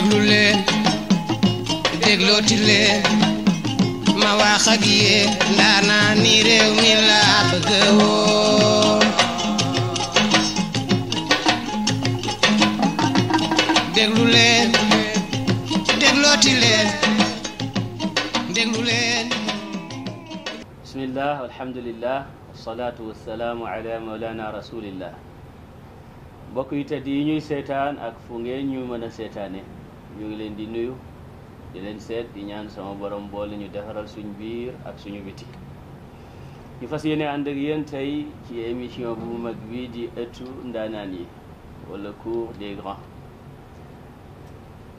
déglu leen déglooti leen bismillah alhamdulillah wasalaatu wasalaamu ala maulana rasulillah mbokk yi tedd seetaan ak fu ngeen ñu mën a seetaane ñu ngi leen di nuyu di leen seet di ñaan sama borom boole ñu defaral suñ biir ak suñu biti ñu fas yéene ànd ak yéen tey ci émission bu mag bii di ëttu ndaanaan yi wala cour des grands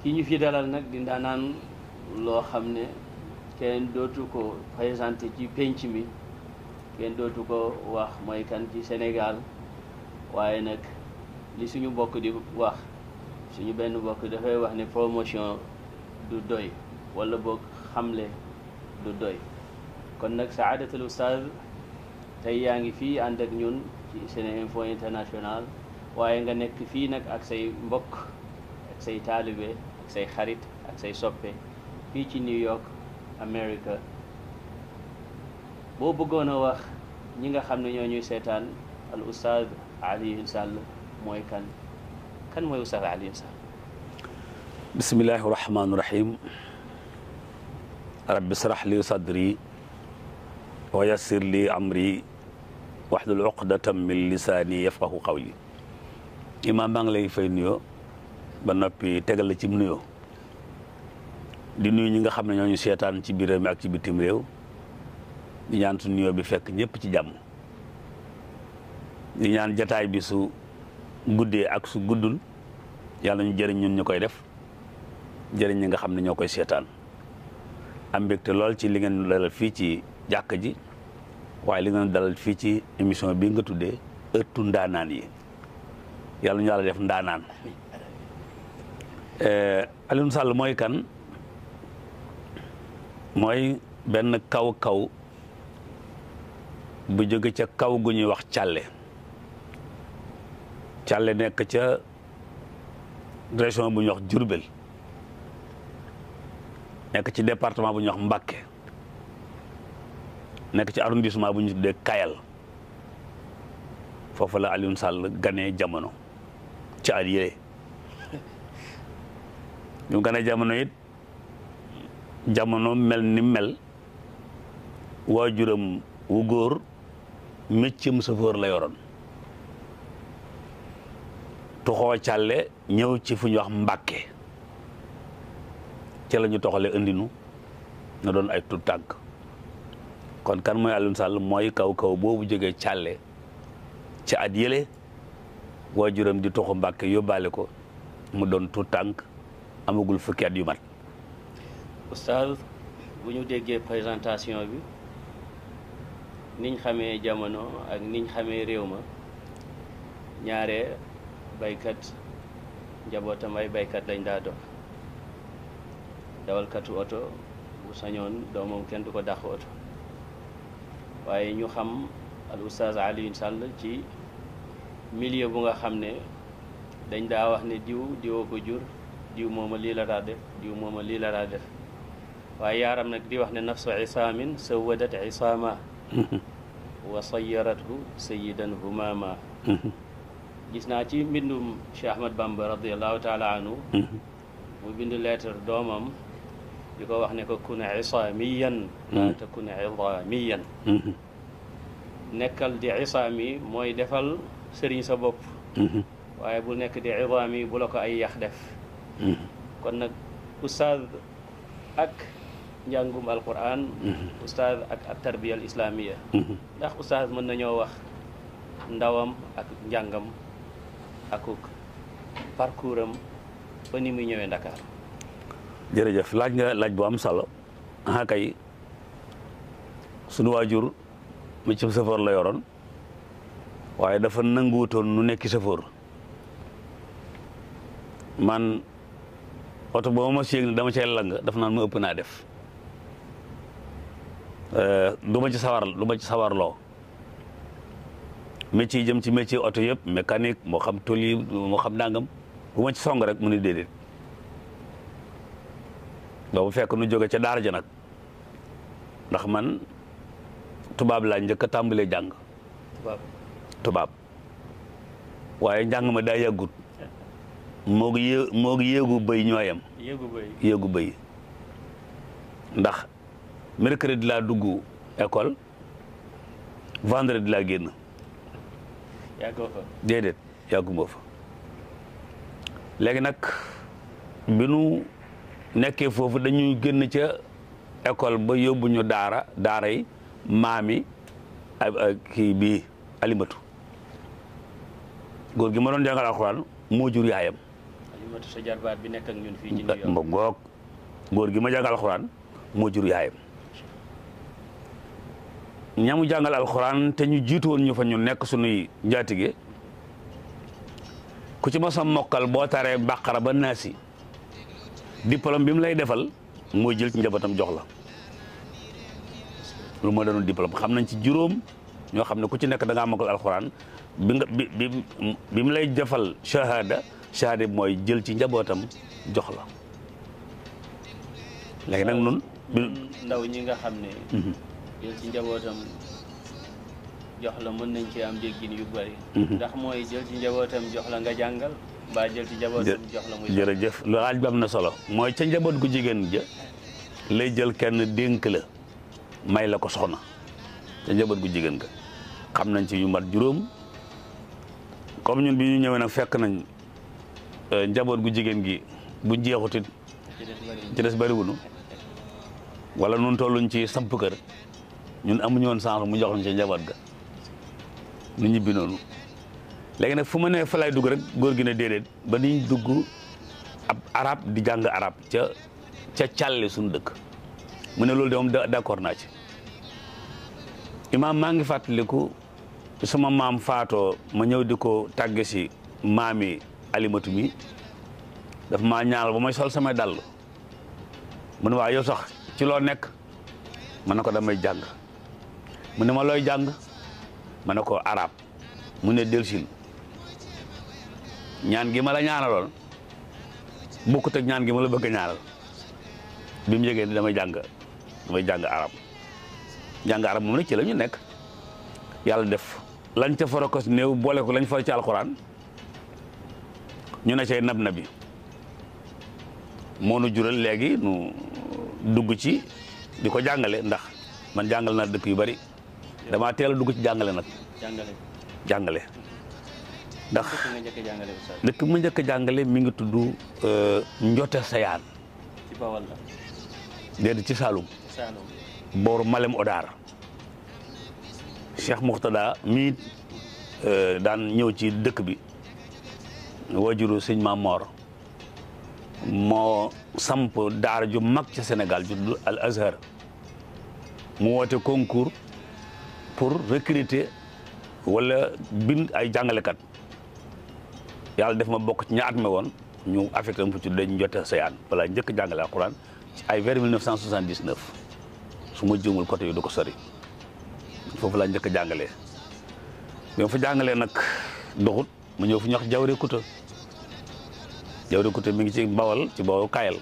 ki ñu fi dalal nag di ndaanaan loo xam ne kenn dootu ko présenté ci pénc mi kenn dootu ko wax mooy kan ci Sénégal waaye nag li suñu mbokk di wax suñu benn mbokk dafay wax ne promotion du doy walla boog xamle du doy kon nag saadatul oustaz tey yaa ngi fii ànd ak ñun ci SeneInfo International waaye nga nekk fii nag ak say mbokk ak say taalibe ak say xarit ak say soppe fii ci New York America boo bëggoon a wax ñi nga xam ne ñoo ñuy seetaan al oustaz Alioune Sall mooy kan kan mooy Oustaz Alioune Sall bismillahi rahmaani rahim rabbi srah li sadri wa yassir li la waxlul uqdatam lisaani yafqahu qawli imaam maa ngi lay fay nuyoo ba noppi tegal la ci nuyoo di nuyu ñi nga xam ne ñooñu seetaan ci biir réew mi ak ci bitim réew di ñaan su nuyoo bi fekk ñëpp ci jàmm di ñaan jataay bi su guddee ak su guddul yàlla ñu jëriñ ñu koy def jëriñ ñi nga xam ne ñoo koy seetaan am mbégte lool ci li ngeen dalal fii ci jàkk ji waaye li ngeen dalal fii ci émission bi nga tuddee ëttu ndaanaan yi yàlla ñu yàlla def ndaanaan eh, Alioune Sall mooy kan mooy benn kaw kaw bu jóge ca kaw gu ñuy wax càlle càlle nekk ca région bu ñuy wax Diourbel nekk ci département bu ñuy wax Mbacké nekk ci arrondissement bu ñu tuddee Kayal foofu la Alioune Sall ganee jamono ci at yii ñu ganee jamono it jamono mel ni mel waajuram wu góor méccam chauffeur la yoroon. toxoo càlle ñëw ci fu ñuy wax mbàkke ca la ñu toxale indinu na doon ay tut tànk kon kan mooy Alioune Sall mooy kaw kaw boobu jógee càlle ci at yële waajuram di toxu mbàkke yóbbaale ko mu doon tut tànk amagul fukki at yu mat oustaz bu ñu déggee présentation bi niñ xamee jamono ak niñ xamee réew ma ñaare baykat njabootam ay baykat lañ daa dox dawalkatu oto bu sañoon doomam kenn du ko dàq oto waaye ñu xam al oustaz Alioune Sall ci milieu bu nga xam ne dañ daa wax ne diw diwoo ko jur diw mooma lii la daa def diw mooma lii la def waaye yaaram nag di wax ne nafsu isaamin sawadat isaama wa sayarathu sayidan humama gis naa ci mbindum Cheikh Ahmad Bamba radiallahu taala anhu mm-hmm. mu bind lettre doomam di ko wax ne ko kun isaamiyan laa mm-hmm. takun idaamiyan mm-hmm. nekkal di isaami mooy defal sëriñ sa bopp waaye bu nekk di idaami bu la ko ay yax def kon nag oustaz ak njàngum alquran oustaz ak al islamiya ndax oustaz mën nañoo wax ndawam ak njàngam akuk parcours am ni muy ñëwee Dakar. jërëjëf laaj nga laaj bu am solo ah kay sunu waajur mi ci safoor la yoroon waaye dafa nanguwutoon nu nekki safoor man oto boo ma yëg ne dama cay lang daf naan ma ëpp naa def euh, du ma ci sawar du ma ci sawarloo métier jëm ci métier oto yëpp mécanique moo xam tool xam nangam bu ma ci song rek mu ni déedéet boobu fekk nu jóge ca daara ja nag ndax man tubaab laa njëkk a tàmbalee jàng. tubaab tubaab waaye njàng ma daa yàggut moog yé moog yéegu béy ñooyam. yéegu béy yéegu béy ndax mercredi laa dugg école vendredi laa génn. yàggoo fa déedéet yàgguma fa léegi nag bi nu nekkee foofu dañuy génn ca école ba yóbbu ñu daara daara yi maami kii bii alimatu góor gi ma doon jàngal alxuraan moo jur yaayam. alimatu sa jarbaat bi nekk ñun fii ci góor gi ma jàngal alxuraan moo jur yaayam. ñamu jàngal alxuraan te ñu jiitu ñu fa ñu nekk suñuy njaatige ku ci mos mokkal boo taree bàqara ba naasi diplôme bi mu lay defal mooy jël njabootam jox la lu moo doon diplôme xam nañ ci juróom ñoo xam ne ku ci nekk da ngaa mokkal alxuraan lay defal shahada shahada bi mooy jël ci njabootam jox la léegi nag nun ndaw ñi nga xam ne mhm. jël ci njabootam jox la mën nañ ci am déggin yu bari mhm. ndax mooy jël ci njabootam jox la nga jàngal mbaa jël ci njabootam jox la muy jërëjëf lu laaj bi am na solo mooy ca njaboot gu jigéen ja jël kenn dénk may la ko soxna ca njaboot gu jigéen ga xam nañ ci yu mat juróom comme ñun bi ñu ñëwee nag fekk nañ euh, njaboot gu jigéen gi bu jeexutit ci des bariwunu wala nun tolluñ ci samp kër ñun amuñu woon chance mu jox ñu ci njaboot ga nu ñibbi noonu léegi nag fu ma nee fa dugg rek góor gi ne déedéet ba ni dugg ab arab di jàng arab ca ca càlle suñu dëkk mu ne loolu de moom d'accord naa ci imaam maa ngi fàttaliku sama maam faatoo ma ñëw di ko tàgge si maami alimatu mi daf maa ñaanal ba may sol samay dàll mu ne waa yow sax ci loo nekk ma ne ko damay jàng mu ne ma looy jàng ma ne ko arab mu ne delsil ñaan gi ma la ñaanaloon bokkut ak ñaan gi ma la bëgg a ñaanal bi mu yëgee ni damay jàng damay jàng arab jàng arab moom nag ci la ñu nekk yàlla def lañ ca forokos néew boole ko lañ for ci alxuraan ñu ne cay nab nabi moo nu jural léegi nu dugg ci di ko jàngale ndax man jàngal naa dëkk yu bari damaa teel dugg ci jàngale nag. jàngale jàngale. ndax dëkk ma njëkk a jàngale mi ngi tudd euh, Njote Sayaan. ci Bawol la. déedéet ci Saalum. Saalum Malem Odaar. Cheikh Muxtada mii euh, daan ñëw ci dëkk bi. wajuru sëñ Maam Moor moo samp daara ju mag ca Sénégal ju tudd Al Azhar mu woote concours. pour recruter wala bind ay jàngalekat yàlla def ma bokk ci ña at ma woon ñu affecté ma fu ci dañ jote sayaan balaa njëkk jàngale a ci ay vers 1979 su ma juumul côté yu du ko sori foofu laa njëkk jàngalee bi ma fa jàngalee nag doxut mu ñëw fu ñuy wax jawre kuta jawre kuta mi ngi ci mbawal ci boobu kaayal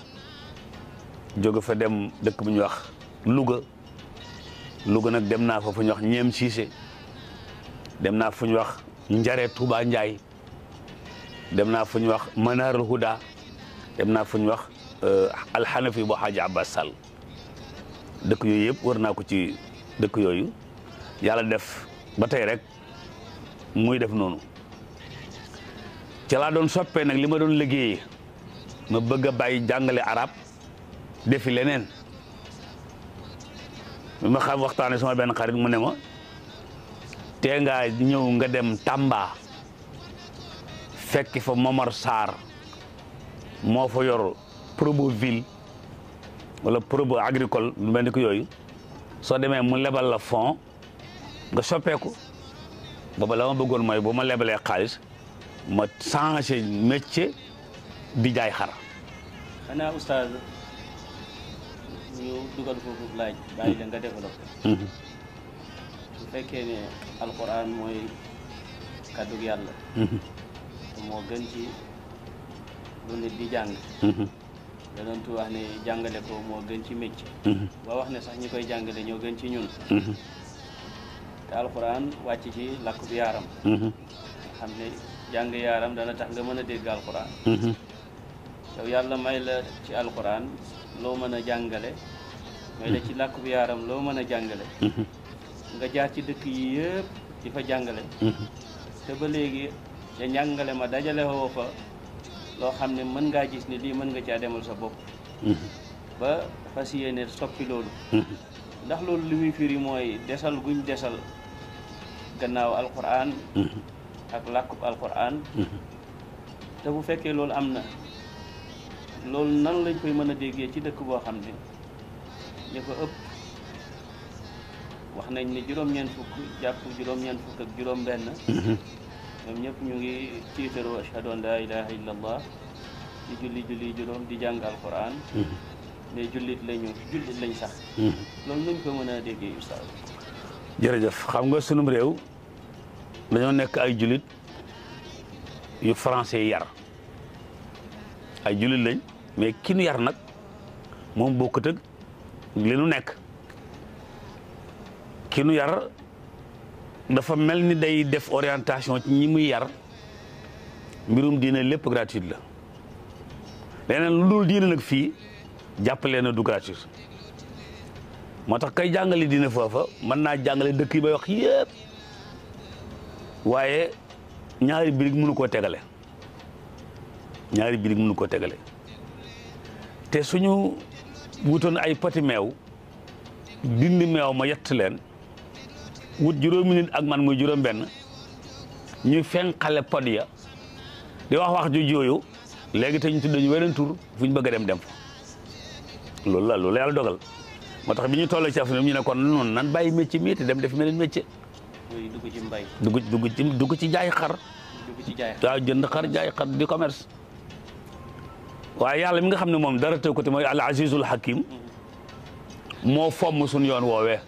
jóge fa dem dëkk bu ñuy wax Louga Louga nag dem naa fa fu ñu wax ñem Cissé dem naa fu ñu wax njare Touba Ndiaye dem naa fu ñu wax Manarul Huda dem naa fu ñu wax euh, alxanafi bu Xaaji Abbas Sall dëkk yooyu yëpp war naa ko ci dëkk yooyu yàlla def ba tey rek muy def noonu ca laa doon soppee nag li ma doon liggéeyee ma bëgg a bàyyi jàngale arab defi leneen bi ma xam waxtaane sama benn xarit mu ne ma tee ngaa ñëw nga dem tàmba fekk fa Momar Sarr moo fa yor probo ville wala probo agricole lu mel ni ko yooyu soo demee mu lebal la fond nga soppeeku booba la ma bëggoon mooy bu ma lebalee xaalis ma changé métier di jaay xar ñu dugal foofu laaj bàyyi la nga développé bu mhm. fekkee ne alquran mooy kàddug yàlla mhm. te moo gën ci lu nit di jàng mhm. yonentu wax ne jàngale ko moo gën ci mécc ba wax ne sax ñi koy jàngale ñoo gën ci ñun te alquran wàcc ci làkk bu yaaram xam ne jàng yaaram dana tax nga mën a dégg alquran yow yàlla may la ci alquran loo mën a jàngale mooy la ci làkku yaaram loo mën a jàngale nga jaar ci dëkk yi yëpp di fa jàngale te ba léegi da njàngale ma dajale fa loo xam ne mën ngaa gis ni lii mën nga caa demal sa bopp ba fas yéene soppi loolu ndax loolu li muy firi mooy desal guñ desal gannaaw alquran ak làkkub alquran te bu fekkee loolu am na loolu nan lañ koy mën a déggee ci dëkk boo xam ne ñu ko ëpp wax nañ ne juróom-ñeent fukk jàpp juróom-ñeent fukk ak juróom-benn. Mm-hmm. ñoom ñëpp ñu ngi tiitaroo ashhadu an laa ilaaha illallah di julli julli juróom di jàng alquran. Mm-hmm. ne jullit lañu jullit lañ sax. Mm-hmm. loolu nuñ ko mën a déggee ustaas. jërëjëf xam nga sunum réew dañoo nekk ay jullit yu français yar. ay jullit lañ mais ki nu yar nag moom bokkut ak li nekk ki nu yar dafa mel ni day def orientation ci ñi muy yar mbirum diine lépp gratuit la leneen lu dul diine nag fii jàppale na du gratuit moo tax kay jàngale diine foofa mën naa jàngale dëkk yi bay wax waaye ñaari birig mënu koo tegale ñaari birig mënu ko tegale te suñu wutoon ay poti meew dindi meew ma yett leen wut juróomi nit ak man muy juróom benn ñu fenqale pod ya di wax wax ju jooyu léegi te ñu tudd ñu weneen tur fu ñu bëgg dem dem fa loolu la loolu yàlla dogal moo tax bi ñu tollee ci affaire ñu ne kon noonu nan bàyyi métier mi te dem def meneen métier. dugg ci mbay dugg dugg ci jaay xar. dugg ci jaay xar jënd xar jaay di commerce. waa yàlla mi nga xam ne moom dara tëkku te mooy al azizul hakim moo fomm suñu yoon woowee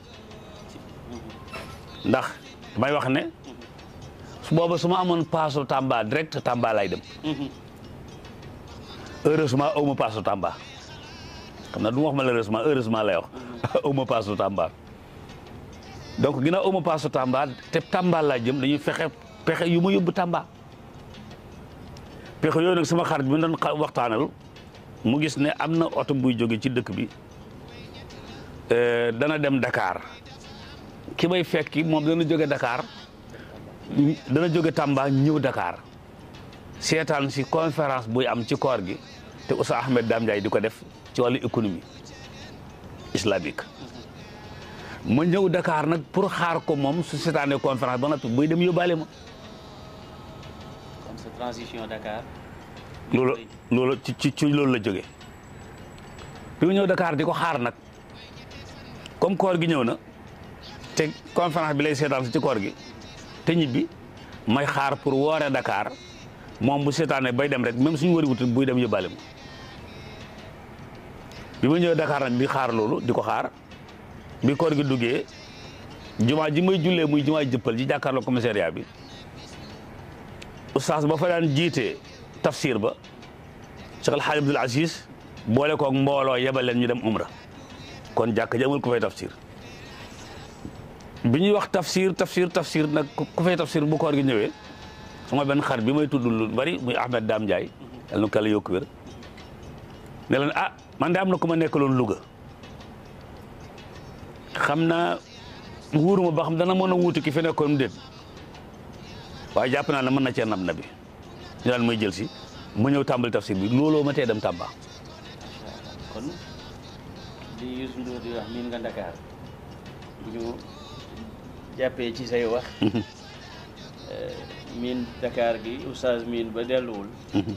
ndax may wax ne su booba su ma amoon paasu Tamba direct Tamba lay dem heureusement aw ma paasu Tamba xam naa du ma wax malheureusement lay wax aw ma paasu donc ginnaaw aw ma paasu Tamba te Tamba laa jëm dañuy fexe pexe yu ma Tamba pexe yooyu nag sama xarit bi ñu doon waxtaanal mu gis ne am na oto buy jóge ci dëkk bi eh, dana dem dakaar ki may fekki moom dana jóge dakaar dana jóge Tamba ñëw dakaar seetaan si conférence buy am ci koor gi te Oustaz Ahmed Dame Ndiaye di ko def ci wàllu économie islamique. ma ñëw Dakar nag pour xaar ko moom su seetaanee conférence ba noppi buy dem yóbbaale ma. sa transition Dakar. loolu loolu ci ci ci loolu la jógee. bi mu ñëw dakaar di ko xaar nag comme koor gi ñëw na te conférence bi lay seetaan si ci koor gi te ñibbi may xaar pour woore dakaar moom bu seetaanee bay dem rek même suñu wari wutul buy dem yóbbaale ma bi ma ñëwee Dakar nag di xaar loolu di ko xaar bi koor gi duggee jumaa ji may jullee muy jumaa jëppal ji jàkkaarloo commissariat bi oustaz ba fa daan jiite tafsir ba Cheikh Al Hadj Aziz boole kook mbooloo yebal leen ñu dem umra kon jàkk ji amul ku fay tafsir bi ñuy wax tafsiir tafsir tafsir nag ku fay tafsir bu koor gi ñëwee sama benn xar bi may tudd lu bari muy Ahmed Dame Ndiaye yàlla na ko yàlla yokk wér ne ah man de am na ku ma nekkaloon luga xam naa wóoruma ba xam dana mën a wuuti ki fi nekkoon déet. waaye jàpp naa ne mën na cee nab na bi ñu daal mooy jël si ma ñëw tàmbali tafsir bi looloo ma tee dem Tamba. kon li Youssou Ndour di wax miin nga Dakar bu ñu jàppee ci say wax. Mhm. Eh, miin Dakar ba delluwul. Mhm.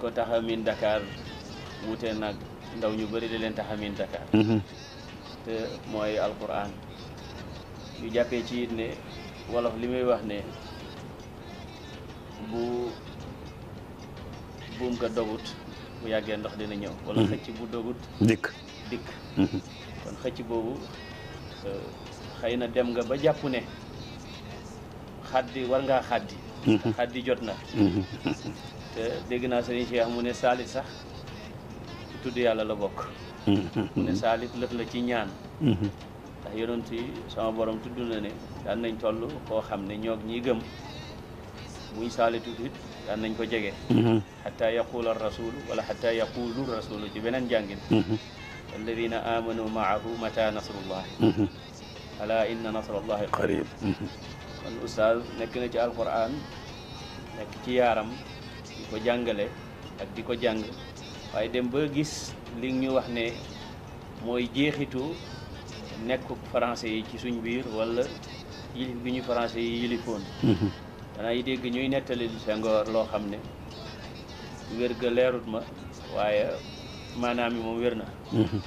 ko tax a miin Dakar wuute ndaw ñu bëri di leen tax a mhm. ne wolof li muy wax ne. bu buum nga dogut bu yàggee ndox dina ñëw wala mhm. xëcc bu dogut dikk dikk mhm. kon xëcc boobu euh, xëy na dem nga ba jàppu ne xaddi war ngaa xaddi mhm. xaddi jot na te dégg naa sëriñ Cheikh mu ne saalit sax ci tudd yàlla la bokk mu ne saalit lëf la ci ñaan ndax yonent yi sama borom tudd na ne daan nañ toll koo xam ne ñoog ñi gëm buñ saale tuuti daan nañ ko jege xataa mhm. yaqula rasulu wala xataa yaqulu rasulu ci beneen jàngin walladina mhm. amanu maahu mata nasrullahi mhm. ala inna nasrallahi qarib kon oustaz nekk na ci alquran nekk ci yaaram di ko jàngale ak di ko jàng waaye dem ba gis li ñu wax ne mooy jeexitu nekk français yi ci suñ biir wala yilif gi ñu français yi yilifoon yi dégg ñuy nettali sengoor loo xam ne wér ga leerut ma waaye maanaam yi moom wér na mhm.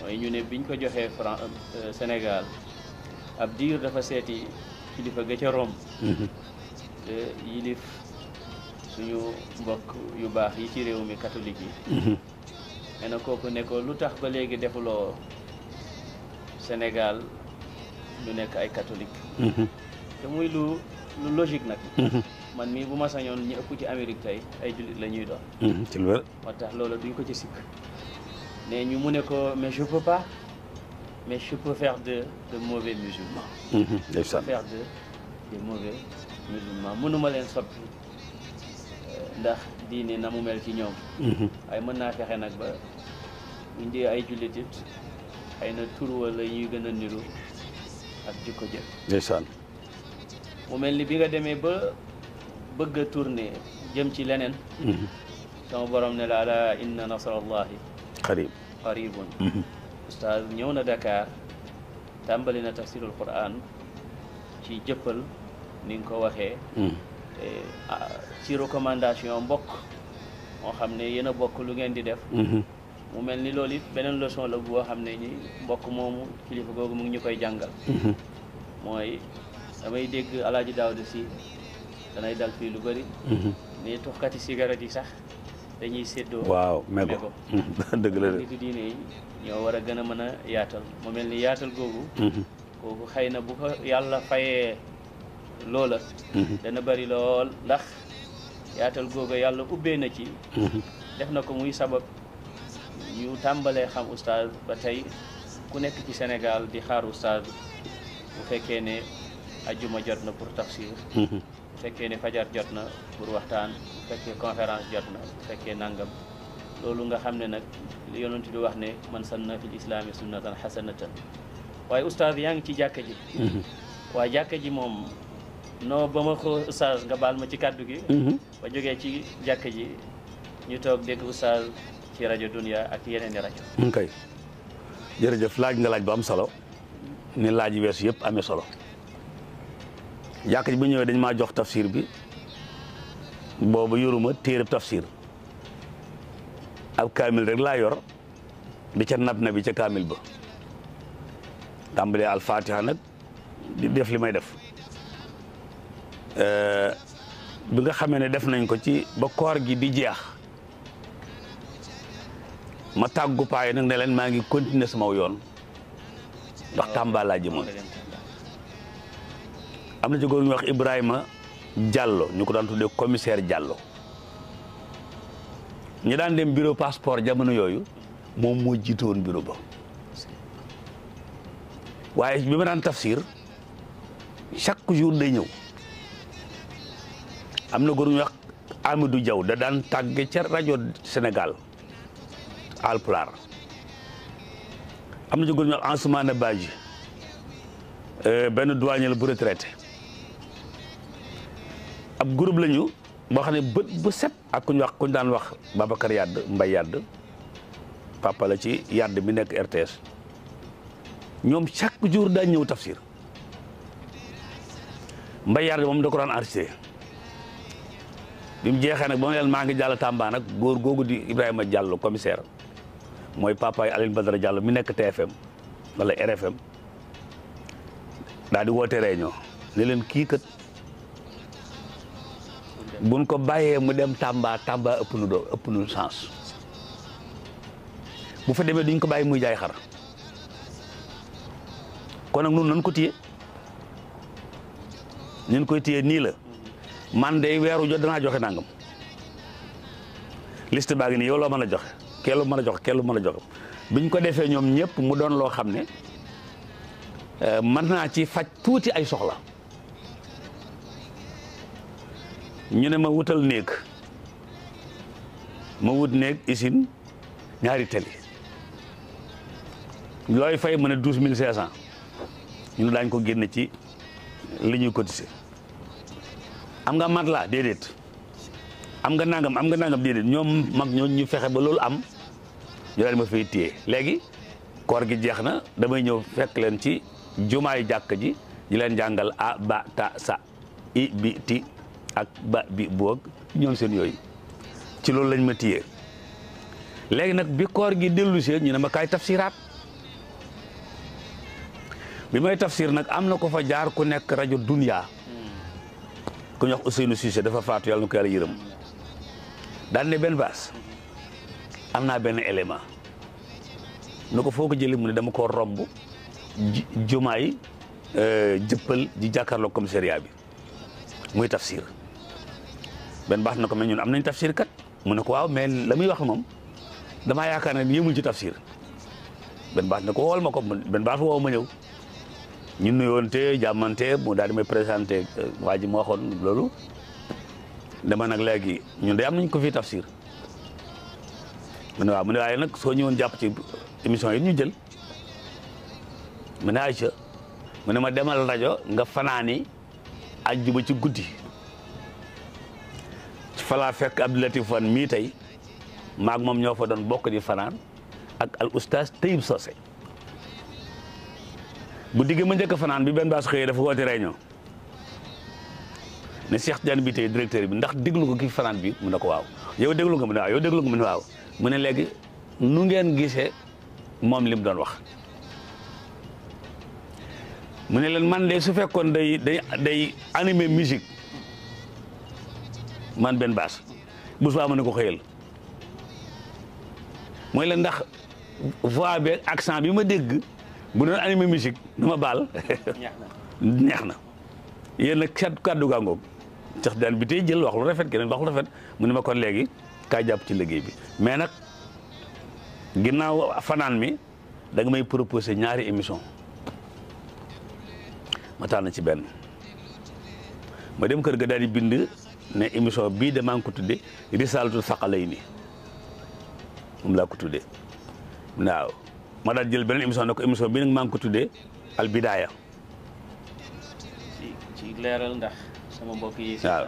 mooy ñu ne biñ ko joxee Fran euh, Sénégal ab diir dafa seeti kilifa ga ca Rome mhm. te yilif suñu mbokk yu baax yi ci réew mi catholique yi mhm. nee na kooku ne ko lu tax ba léegi defuloo Sénégal ñu nekk ay katolik te muy lu lu logique nag. Mhm. man mii bu ma sañoon ñu ëpp ci Amérique tey ay jullit la ñuy doon. Mhm, ci lu wér. moo tax loolu duñ ko ci sikk mais ñu mu ne ko mais je peux pas mais je peux faire de de mauvais musulmans. Mhm, je de de mënuma leen soppi euh, ndax diine na mu mel ci ñoom. waaye mën naa fexe nag ba buñ dee ay jullit it ay na tur wala ñuy gën a niru ak jikko jël. mu mel ni bi nga demee ba bëgg a tourner jëm ci leneen mhm. sama borom ne la ala inna nasrallahi qarib qaribun mhm. ñëw na Dakar tàmbali na tafsirul quran ci jëppal ni ko waxee mhm. ci recommandation mbokk moo xam ne yéen a bokk lu ngeen di def mel ni loolu it beneen leçon la xam ne mbokk moomu kilifa googu mu ngi ñu koy jàngal mooy damay dégg alaaji Daawda si danay dal fii lu bari mhm. mais tuxkati cigarette yi sax dañuy séddoo waaw mego ko dëgg la nit diine yi ñoo war a gën a mën a yaatal moo mel ni yaatal googu mhm. kooku xay na bu ko yàlla fayee loola mhm. dana bëri lool ndax yaatal googu yàlla ubbee na ci def na ko muy sabab ñu tàmbalee xam oustaz ba tey ku nekk ci Sénégal di xaar oustaz bu fekkee ne ajjuma jot na pour tafsir mhm. bu fekkee ne fajar jot na pour waxtaan bu fekkee conférence jot na bu fekkee nangam loolu nga xam ne nag li yonent di wax ne man sanna fil islaami sunnatan xasanatan waaye oustaz yaa ngi ci jàkka ji mhm. waaye jàkka ji moom non ba ma ko oustaz nga baal ma ci kàddu gi mhm. ba jógee ci jàkka ji ñu toog dégg oustaz ci rajo dunia ak yeneen i rajo kay jërëjëf laaj nga laaj bu am solo ni laaj weesu yëpp ame solo yàkk ji bi ñëwee dañ maa jox tafsir bi boobu yoruma téere tafsir ab kaamil rek laa yor di ca nab na bi ca kaamil ba tàmbalee alfatiha nag di def li may def bi nga xamee ne def nañ ko ci ba koor gi di jeex ma tàggu paay nag ne leen maa ngi continuer sama yoon ndax Tamba laa jëmoon am na ci góor wax Ibrahima Diallo ñu ko daan tuddee commissaire Diallo ñu daan dem bureau passeport jamono yooyu moom moo jiite woon bureau ba waaye bi ma daan tafsir chaque jour da ñëw am na góor ñu wax Amidou Diaw da daan tàgge ca rajo Sénégal Alpulaar am na ci góor ñu wax Ansoumana Badji eh, benn douanier bu retraité ab groupe lañu boo xam ne bët bu set ak kuñ wax kuñ daan wax Babacar Yadd Mbay Yadd papa la ci yàdd bi nekk RTS ñoom chaque jour daañ ñëw tafsir Mbay Yadd moom da ko daan enregistré bi jeexee nag ba mu leen maa ngi jàll Tamba nag góor googu di Ibrahima Diallo commissaire mooy papa yi Alioune Badara jàll mi nekk TFM wala RFM daal di woote réunion ne leen kii kat buñ ko bàyyee mu dem Tamba Tamba ëpp nu doo ëpp nu sens bu fa demee duñ ko bàyyi muy jaay xar kon nag nun nan ko téye nin koy téye nii la man de weeru jot danaa joxe nangam liste baa nii yow loo mën a joxe kellu mën a joxe kellu mën a joxe biñ ko defee ñoom ñëpp mu doon loo xam ne eh, mën naa ci faj tuuti ay soxla ñu ne ma wutal néeg ma wut néeg usine ñaari teli looy fay ma ne douze mille cinq ñun daañ ko génne ci li ñuy cotiser am nga laa déedéet am nga nangam am nga nangam déedéet ñoom mag ñoo ñu fexe ba loolu am ñu daal ma fay téye léegi koor gi jeex na damay ñëw fekk leen ci jumaay jàkk ji di leen jàngal a ba ta sa i bi ti ak ba bi boog ñoom seen yooyu ci loolu lañ ma téyee léegi nag bi koor gi dellusee ñu ne ma kaay tafsiraat bi may tafsir nag am na ko fa jaar ku nekk rajo Dunia ku ñuy wax Ousseynou Cissé dafa faatu yàlla na ko yàlla yërëm daan benn baas am naa benn élément nu ko foo ko jëlee mu ne dama koo romb jumaay euh, jëppal di jàkkaarloo commissariat bi muy tafsir benn baax na ko me ñun am nañ tafsir kat mu ne ko waaw mais la muy wax moom damaa yaakaar na ne mu ci tafsir benn baax na ko wool ma ko benn baax woow ma ñëw ñun nuyoonte jàmmante mu daal di présenté euh, waa ji ma loolu dama nag léegi ñun de am nañ ko fi tafsir mu ne waaw mu ne waaye nag soo ñëwoon jàpp ci émission yi ñu jël mu ne Aïcha mu ne ma demal rajo nga fanaani ajjuma ci guddi falaa fekk Abdou Latif mii tey maak moom ñoo fa doon bokk di fanaan ak al oustaz Tayib Socé bu digg ma njëkk fanaan bi benn baas xëyee dafa woote réunion ne Cheikh Tidiane bi tey directeur bi ndax déglu ko ki fanaan bi mu ne ko waaw yow déglu nga mu ne waaw yow déglu nga mu ne waaw mu ne léegi nu ngeen gisee moom lim doon wax mu ne leen man de su fekkoon day day day anime musique man benn baas bu subaa ma ne ko xëyal mooy la ndax voix bi accent bi ma dégg bu doon animé musique nu ma baal. neex na yéen nag kat kaddu gaa ngoog sax daan bi tey jël wax lu rafet keneen wax lu rafet mu ne ma kon léegi ka jàpp ci liggéey bi mais nag ginnaaw fanaan mi da may proposé ñaari émission ma tànn ci benn ma dem kër ga daal di bind. ne émission bii de maa ngi ko tuddee risaalatu saqalay ni moom laa ko tuddee waaw ma daal jël beneen émission ne ko émission bii nag maa ngi ko tuddee al bidaaya ci ci leeral ndax sama mbokk yi. waaw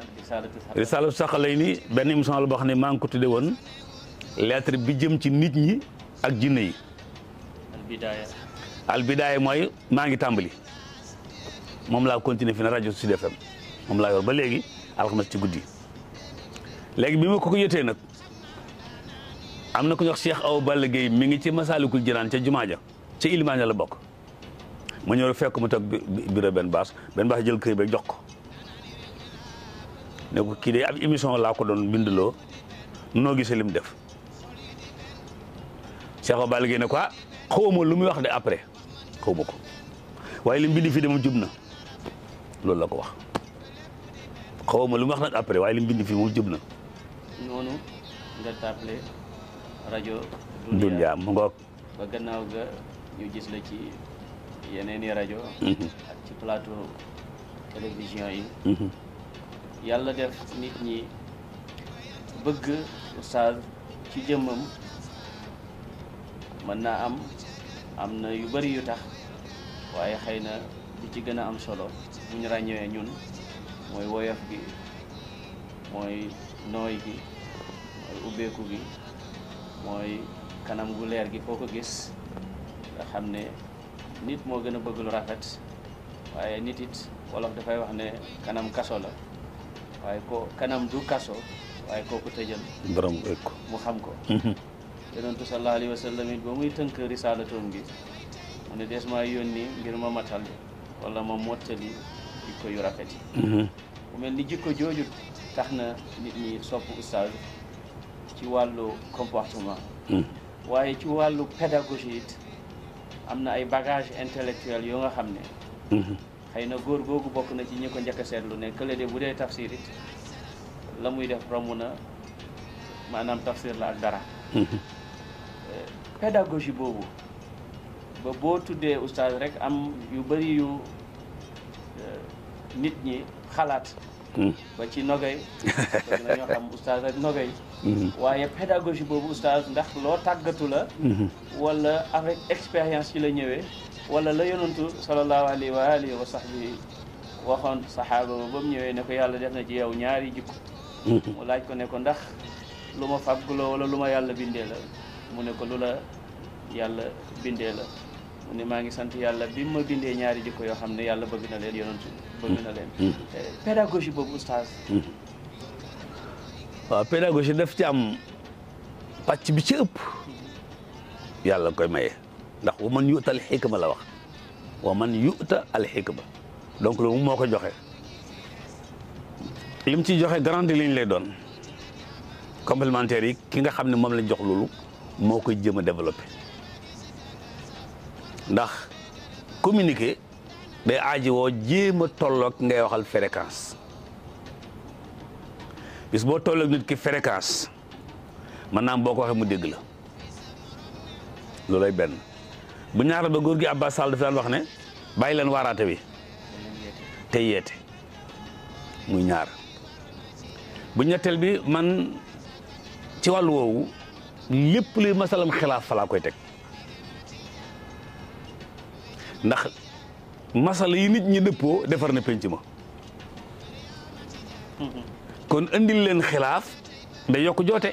risaalatu saqalay ni benn émission la boo xam ne maa ngi ko tuddee woon lettre bi jëm ci nit ñi ak jinne yi. al bidaaya. al mooy maa ngi tàmbali moom laa continuer fi na rajo Sud FM moom laa yor ba léegi. alxames ci guddi léegi bi ma ko ko yëtee nag am na ku ñuy wax aw Awa Balla mi ngi ci Masaalikul Jinaan ca jumaa ja ca Ilimaan la bokk ma ñëw fekk mu toog bureau benn baas benn baas jël këy ba jox ko ne ko kii de ab émission laa ko doon bindloo noo gisee lim def Cheikh Awa Balla Gueye ne ko ah xaw ma lu muy wax de après xaw ma ko waaye lim bindi fii de moom jub na loolu la ko wax. xaw ma lu ma wax nag après waaye li mu bind fii moom jub na. noonu nga tàppale rajo. Dunya mu ngoog. ba gannaaw ga ñu gis la ci yeneeni i rajo. Mhm. ak ci plateau télévision yi. Mhm. yàlla def nit ñi bëgg oustaz ci jëmmam mën naa am am na yu bari yu tax waaye xëy na li ci gën a am solo bu ñu ràññee ñun. mooy woyof gi mooy nooy gi mooy ubbeeku gi mooy kanam gu leer gi foo ko gis nga xam ne nit moo gën a bëgg lu rafet waaye nit it wolof dafay wax ne kanam kaso la waaye ko kanam du kaso waaye kooku tëjal borom ko mu xam ko mhm. yonentu sallallahu alayhi wa sallam it ba muy tënk risalatoom gi mu ne des maa yónni ngir ma matal wala ma mottali jikko yu rafet mhm. mu mel ni jikko jooju tax na nit ñi ci wàllu comportement mhm. waaye ci wàllu pédagogie am na ay bagage intellectuel yoo nga xam ne mhm. xëy na góor googu bokk na ci ñi ko njëkk a seetlu ne kële de bu dee tafsir it la muy def romb na maanaam tafsir la ak dara euh, pédagogie boobu ba boo tuddee oustaz rek am yu bëri yu nit ñi xalaat hmm. ba ci nogay na ñoo xam oustaz ak nogay hmm. waaye pédagogie boobu oustaz ndax loo tàggatu la hmm. wala avec expérience ci la ñëwee wala la yonantu sallallahu alayhi wa alihi wa sahbihi waxoon saxaaba ba ba mu ñëwee ne ko yàlla def na ci yow ñaari jikko mu laaj ko ne ko ndax lu ma fàgguloo wala lu ma yàlla bindee la mu ne ko lu la yàlla bindee la mu ne maa ngi sant yàlla bi ma bindee ñaari jikko yoo xam ne yàlla bëgg na leen yonantu bëgg na leen. pédagogie boobu oustaz. waaw pédagogie daf ci am pàcc bi ci ëpp. yàlla koy maye ndax wa man yuuta al xikma la wax wa man yuuta al donc loolu moo ko joxe. lim ci joxe grande ligne lay doon complémentaire yi ki nga xam ne moom lañ jox loolu moo koy jëm a développé ndax communiquer. day aaji woo jéem a tolloog ngay waxal fréquence bis boo tolloog nit ki fréquence maanaam boo ko waxee mu dégg la loolay benn bu ñaar ba góor gi Abbas Sall dafa daan wax ne bàyyi leen waaraate bi te yeete muy ñaar bu ñetteel bi man ci wàllu woowu lépp luy masalam xilaaf fa koy teg ndax masala yi nit ñi dëppoo defar na penc ma kon indil leen xilaaf da yokk joote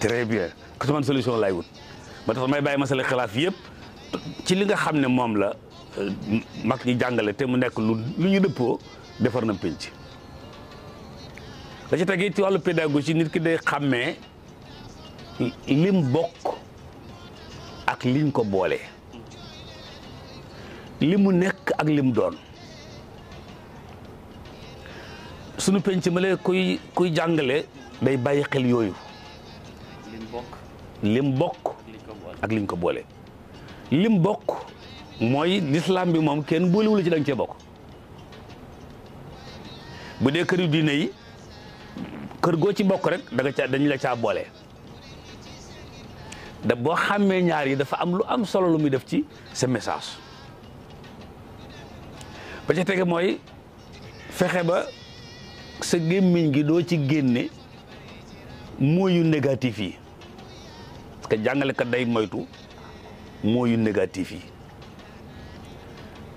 très bien ku man solution laay wut ba tax may bàyyi masala xilaaf yëpp ci li nga xam ne moom la euh, mag ñi jàngale te mu nekk lu lu ñu dëppoo defar na penc la ci tegee ci wàllu pédagogie nit ki day xàmmee lim bokk ak liñ ko boole li mu nekk ak li doon sunu penc ma lee kuy kuy jàngale day bàyyi xel yooyu lim bokk ak liñ ko boole lim bokk mooy lislaam bi moom kenn boolewul ci da cee bokk bu dee këru diine yi kër goo ci bokk rek da nga dañu la caa boole da boo xàmmee ñaar yi dafa am lu am solo lu muy def ci sa message ba ca tege mooy fexe ba sa gémmiñ gi doo ci génne mooyu négatif yi parce que jàngalekat day moytu mooyu négatif yi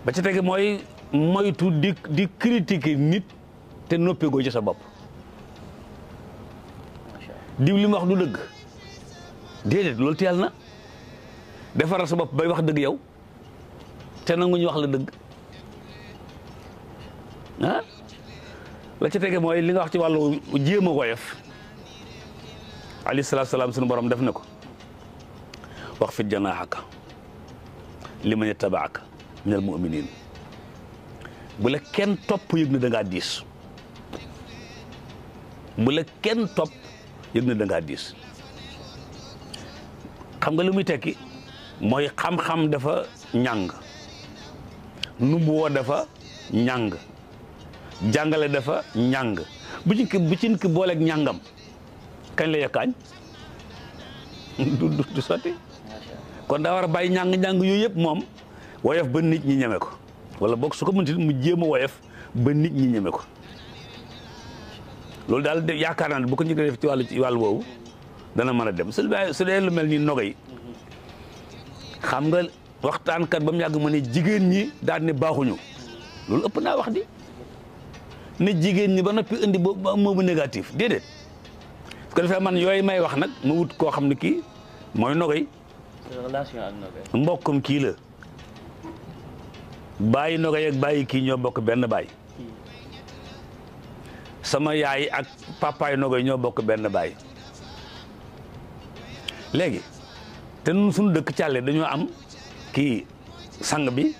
ba ca tege mooy moytu di di critiquer nit te noppegoo ci sa bopp diw li mu wax du dëgg déedéet loolu teel na defaral sa bopp bay wax dëgg yow te nanguñu wax la dëgg Ah? la ci tege mooy li nga wax ci wàllu jéem a woyof alayhi salaatu salaam sunu borom def na ko wax fit janaaxaka li ma ne tabaaka minal mu'minin bu la kenn topp yëg na da diis bu kenn topp yëg na diis xam nga lu muy tekki mooy xam-xam dafa ñàng numb woo dafa ñàng jàngale dafa ñàng bu ci bu ci ki booleeg ñàngam kañ la yokkaañ du du sotti kon daa war a bàyyi ñàng-ñàng yooyu yëpp moom woyof ba nit ñi ñeme ko wala boog su ko mënti mu jéema a woyof ba nit ñi ñeme ko loolu daal yaakaar naa ne bu ko ñu ko ci wàllu ci wàllu woowu dana mën a dem su dee lu mel ni nogo yi xam nga waxtaankat ba mu yàgg mu ne jigéen ñi daal ne baaxuñu loolu ëpp naa wax di na jigéen ñi ba noppi indi ba moomu négatif déedéet su ko defee man yooyu may wax nag mu wut koo xam ne kii mooy Nogay. relation mbokkum kii la bàyyi Nogay ak bàyyi kii ñoo bokk benn baay sama yaay ak papaay Nogay ñoo bokk benn baay léegi te nun suñu dëkk càlle dañoo am kii sang bi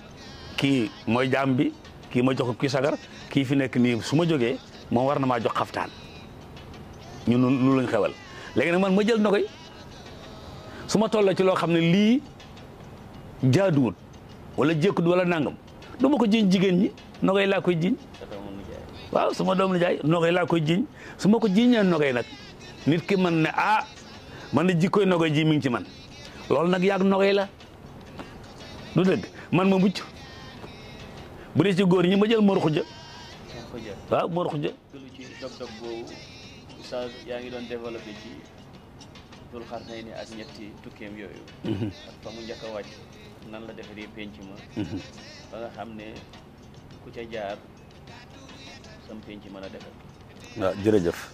kii mooy jaam bi kii mooy jox ko kii sagar kii fi nekk nii su ma jogee moom war na maa jox xaftaan ñun lu lañ xewal léegi nag man ma jël ndogoy su ma toll ci loo xam ne lii jaaduwut wala jékkut wala nangam du ma ko jiñ jigéen ñi ndogoy laa koy jiñ waaw su ma doom la jaay ndogoy laa koy jiñ su ma ko jiñee ndogoy nag nit ki man ne ah man ne jikkooy ndogoy ji mi ngi ci man loolu nag yaag ndogoy la du dëgg man ma mucc bu dee ci góor ñi ma jël ma ja Xuja. waaw Mor Xuja. yaa ngi doon développé ci dul xar nay ni ak ñetti tukkeem yooyu. Mhm. ak fa mu njëkk a nan la defaree penc ma. Mhm. ba xam ne ku ca jaar sam penc mën a defar. jërëjëf.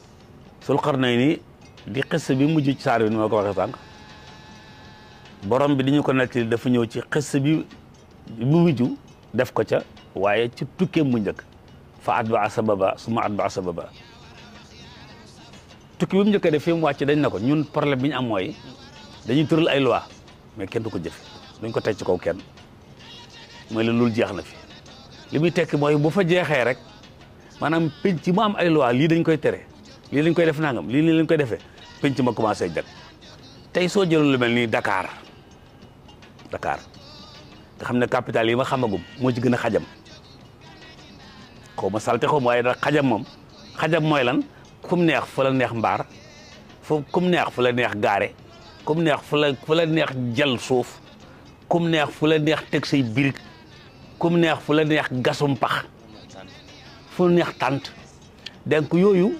sul xar nay ni di xis bi mujj ci saar bi ni ma ko waxee sànq borom bi di ñu ko nettali dafa ñëw ci xis bi mu mujj def ko ca waaye ci tukkeem mu njëkk. fa atbaa sababa suma atbaa sababa tukki bi mu njëkkee def fi mu wàcc dañ na ko ñun problème bi ñu am mooy dañuy tëral ay loi mais kenn du ko jëfe duñ ko teg ci kaw kenn mooy la loolu jeex na fi li muy tekki mooy bu fa jeexee rek maanaam penc mu am ay loi lii dañ koy tere lii lañ koy def nangam lii nii lañ koy defee penc ma commencé jag tey soo jëloon lu mel nii dakaar Dakar nga xam ne capital yi ma xamagum moo ci gën a xajam xaw ma salte xaw ma waaye nag xajam moom xajam mooy lan kum neex fa la neex mbaar fu kum neex fu la neex gaare kum neex fu la fu neex jal suuf kum neex fu la neex teg say birig kum neex fu la neex gasum pax fu neex tànt denk yooyu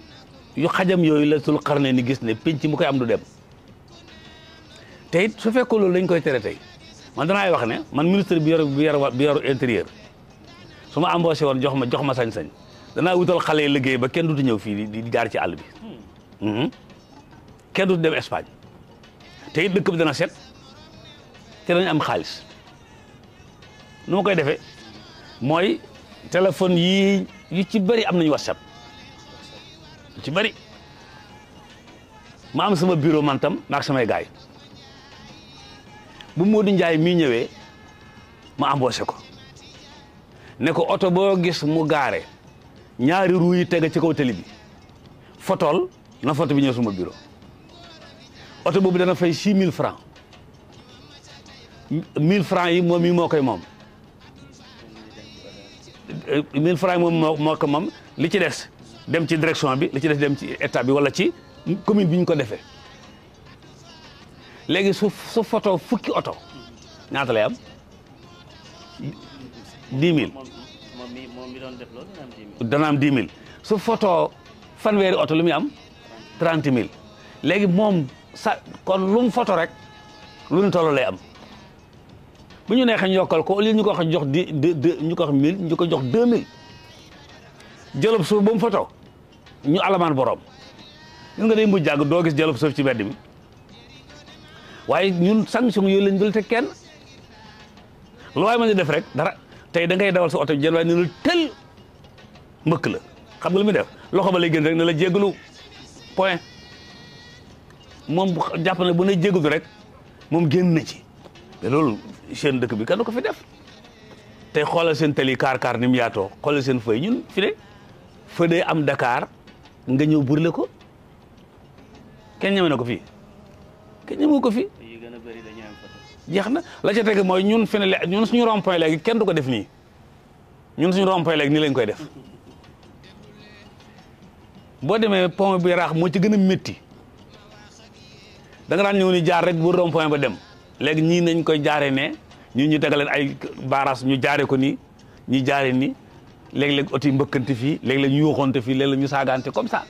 yu xajam yooyu la sul xarne ni gis ne penc mu koy am du dem te it su fekkoo loolu lañ koy tere tey man danaay wax ne man ministre bi yor bi yor bi yor intérieur su ma embauché woon jox ma jox ma sañ-sañ danaa wutal xale yi liggéey ba kenn du ñëw fii di jaar ci àll bi hmm. kenn dutu dem Espagne te it dëkk bi dana set te dañu am xaalis nu ma koy defe mooy téléphone yi yu ci bëri am nañu WhatsApp yu ci bari ma am sama biro mantam tam maag gaay bu Modou Ndiaye mii ñëwee ma embauché ko ne ko oto boo gis mu gaare ñaari ruu yi tege ci kaw tali bi fotool na foto bi ñëw suma bureau oto boobu dana fay six mille francs mille francs yi moom yi moo koy moom mille francs yi moom moo li ci des dem ci direction bi li ci des dem ci état bi wala ci commune bi ñu ko defee léegi su su photo fukki oto ñaata lay am dix mille dana am dix mille su photo fanweeri oto lu muy am trente mille léegi moom sa kon lu photo rek lu ñu tolloo lay am bu ñu neexee ñu yokkal ko au ñu ko jox di deux ñu ñu ko jox deux mille jëlob suuf ba mu photo ñu alamaan borom gis nga day mujj jàgg doo gis jëlob suuf ci mbedd mi waaye ñun sanction yooyu lañ dul kenn lu waay mën di def rek dara tey dangay dawal sa oto bi jën waaye ne tël mbëkk la xam nga lu muy def loxo ba lay gën rek ne la jégalu point moom jàpp na bu ne jégalu rek moom génn na ci te loolu seen dëkk bi kenn ko fi def te xoolal seen teli kaar kaar ni mu yaatoo xoolal seen fëy ñun fi de feu day am dakaar nga ñëw burle ko kenn ñeme na ko fii kenn ñeme ko fi jeex na la ca teg mooy ñun fi ne suñu rond-point kenn du ko def nii ñun suñu rond-point léegi nii lañ koy def boo demee pont bi raax moo ci gën a métti da nga daan ñëw ni jaar rek bu rond ba dem léegi ñii nañ koy jaaree ne ñu ñu tegaleen ay baaraas ñu jaaree ko nii ñu jaare nii léeg-léeg oto yi mbëkkante fii léeg-léeg ñu yuuxante fii léeg-léeg ñu saagaante comme ça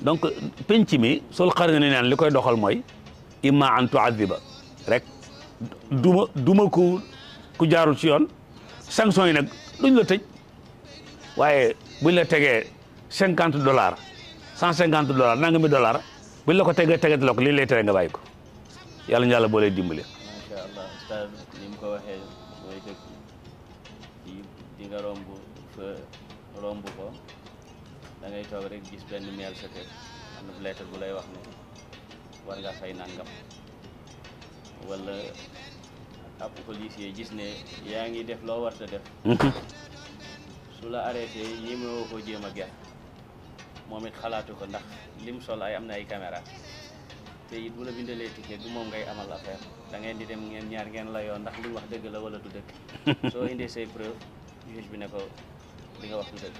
donc penc mi sol xar nga ne naan li koy doxal mooy. imma an tuadiba rek duma duma ku jaarul ci yoon sanction yi nag duñ la tëj waaye buñ la tegee cinquante dollars cent cinquante dollars nangami dollars buñ la ko tegee tegati la ko lii lay tere nga bàyyi ko yàlla ñu yàlla boo lay allah ustaz ni mu ko waxee mooy toog rek gis benn meel am na lettre bu lay wax ne war ngaa fay nangam wala ab policier gis ne yaa ngi def loo warta def mhm. su la arrêté ñi moo ko jéem a ger moom it xalaatu ko ndax lim sol ay am na ay caméra te it bu la bindalee ticket du moom ngay amal affaire da di dem ngeen ñaar ngeen la yoo ndax li wax dëgg la wala du dëgg soo indee say preuve juge bi ne ko li nga wax du dëgg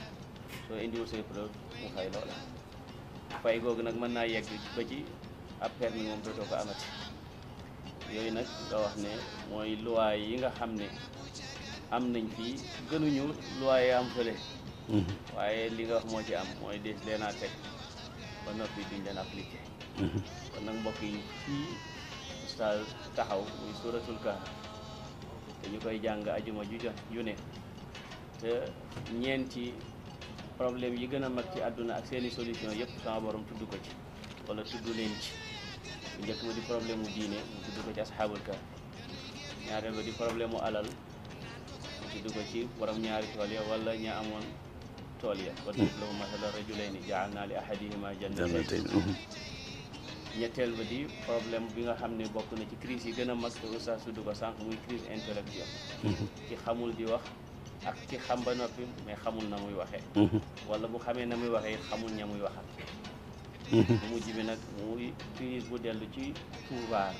soo indiwul say preuve mu fay loola fay googu nag mën naa yegg ba ci ab permis moom dootoo ko amati yooyu nag nga wax ne mooy luwaa yi nga xam ne am nañ fii gënuñu luwaa yi am fële mm-hmm. waaye li nga wax moo ci am mooy des leen a teg ba noppi duñ leen appliqué mm-hmm. kon nag mbokk yi fii ustaas taxaw muy suratul kahf te koy jàng ajuma ju jot ju ne te ñeenti problème yi gën a mag ci àdduna ak seeni solution yëpp sama borom tudd ko ci wala tudd leen ci bu njëkk ba di problème mu diine mu tudd ko ci asxaabul ñaareel ba di problème mu alal mu tudd ko ci borom ñaari tool ya wala ña amoon tool ya wa dariba masalan rajulayni ja'alnaa li ahadihima jannatayn mhm. ñetteel ba di problème bi nga xam ne bokk na ci crise yi gën a mag te oustaz tudd ko sànq muy crise intellectuelle ci mhm. xamul di wax ak ki xam ba noppi mais xamul na muy waxee mhm. wala bu xamee na muy waxee xamul ña muy waxal bu mujj bi nag muy prise bu dellu ci pouvoir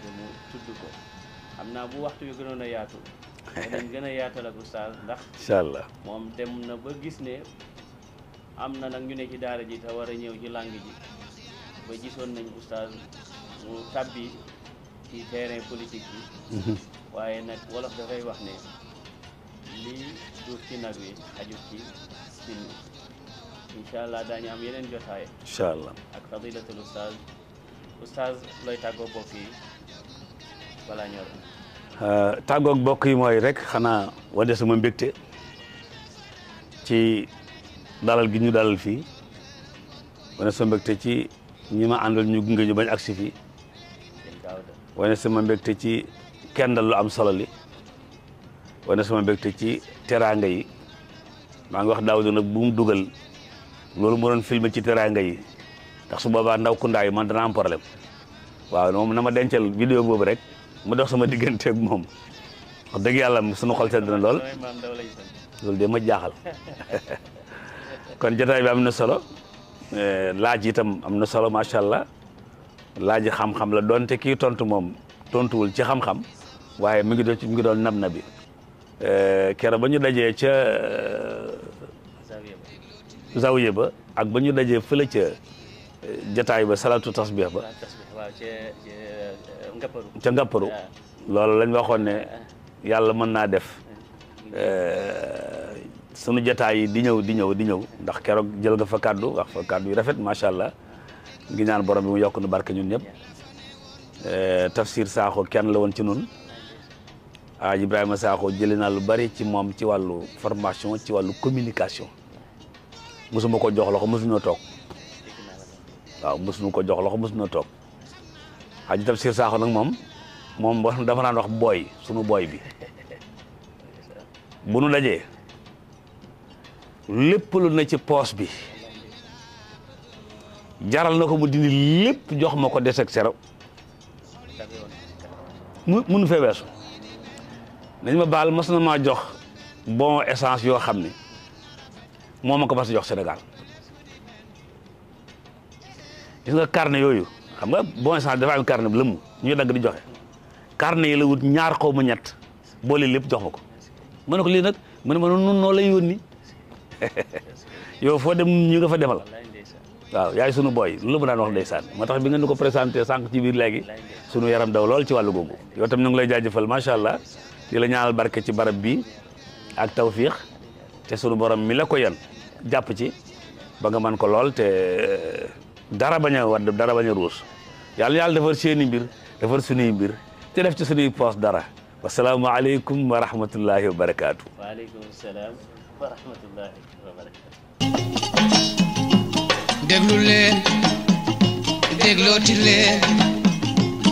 te mu tudd ko xam naa bu waxtu bi gënoon a yaatu danañ gën a yaatal ak oustaz ndax incha moom dem na ba gis ne am na nag ñu ne ci daara ji te war a ñëw ci làng ji ba gisoon nañ oustaz mu tabbi ci terrain politique bi mhm. waaye nag wolof dafay wax ne lii duuf ci nag wi ajut ci sin incha allah daañu am yeneen jotaay. incha allah ak fadilatul oustaz oustaz looy tàggoo bokk yi yi mooy rek xanaa wane sama mbégte ci dalal gi ñu dalal fii wane sama mbégte ci ñi ma àndal ñu gunge ñu bañ agsi fii sama mbégte ci kendal lu am solo li wane sama mbégte ci teraanga yi maa ngi wax daaw nag bu dugal loolu moo doon filmé ci teraanga yi ndax su boobaa ndaw ku ndaay man dana am problème waaw moom na ma dencal vidéo boobu rek mu dox sama diggante ak moom wax dëgg yàlla mu sunu xol sedd na lool loolu de ma jaaxal kon jotaay bi am na solo eh, laaj itam am na solo macha allah laaj xam-xam la donte kii tontu moom tontuwul ci xam-xam waaye mu ngi doon mi ngi doon nab na bi eh, keroog ba ñu dajee ca. zawiya ba ak ba ñu dajee fële ca eh, jataay ba salatu tasbih ba ca ngàpparu ah. loolu lañ waxoon ne ah. yàlla mën naa def ah. eh, sunu jataay yi di ñëw di ñëw di ñëw ndax keroog jël nga fa kàddu wax fa kàddu yu rafet macha allah ngi ñaan borom bi mu yokk na barke ñun ñëpp eh, tafsir saaxo kenn la woon ci nun ah Ibrahima saaxo jëlee naa lu bari ci moom ci wàllu formation ci wàllu communication mosuma ko jox loxo mosuñoo toog waaw mosuma ko jox loxo mosuñoo toog xaj itam Siir Saaxo nag moom moom dafa naan wax booy sunu booy bi bu nu dajee lépp lu ne ci poos bi jaral na ko mu dindi lépp jox ma ko des ak sero mu munu fee weesu nañ ma baal mas na maa jox bon essence yoo xam ne moom ma ko mas a jox Sénégal gis nga carnet yooyu xam nga bon échange dafa am carnet bu lëmm ñuy dagg di joxe carnet yi la wut ñaar xaw ma ñett boole lépp jox ma ko ma ne ko lii nag mu ne ma noonu noo lay nii yow foo dem ñu nga fa defal waaw yaay sunu booy lu mu daan wax ndeysaan moo tax bi ngeen di ko présenté sànq ci biir léegi sunu yaram daw lool ci wàllu googu yow tam ñu ngi lay jaajëfal macha allah di la ñaanal barke ci barab bi ak tawfiix te sunu borom mi la ko yan jàpp ci ba man mën ko lool te euh, dara bañ a wadd dara bañ a defar seeni mbir defar suñuy mbir te def ci suñuy poos dara wasalaamaaleykum wa rahmatullahi wa barakaatu. waaleykum salaam wa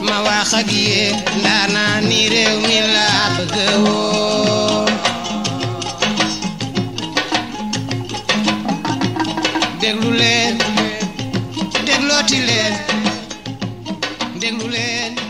ma wax ak yéen ndaanaan ni réew mi laa bëgg woo déglu leen déglooti leen déglu leen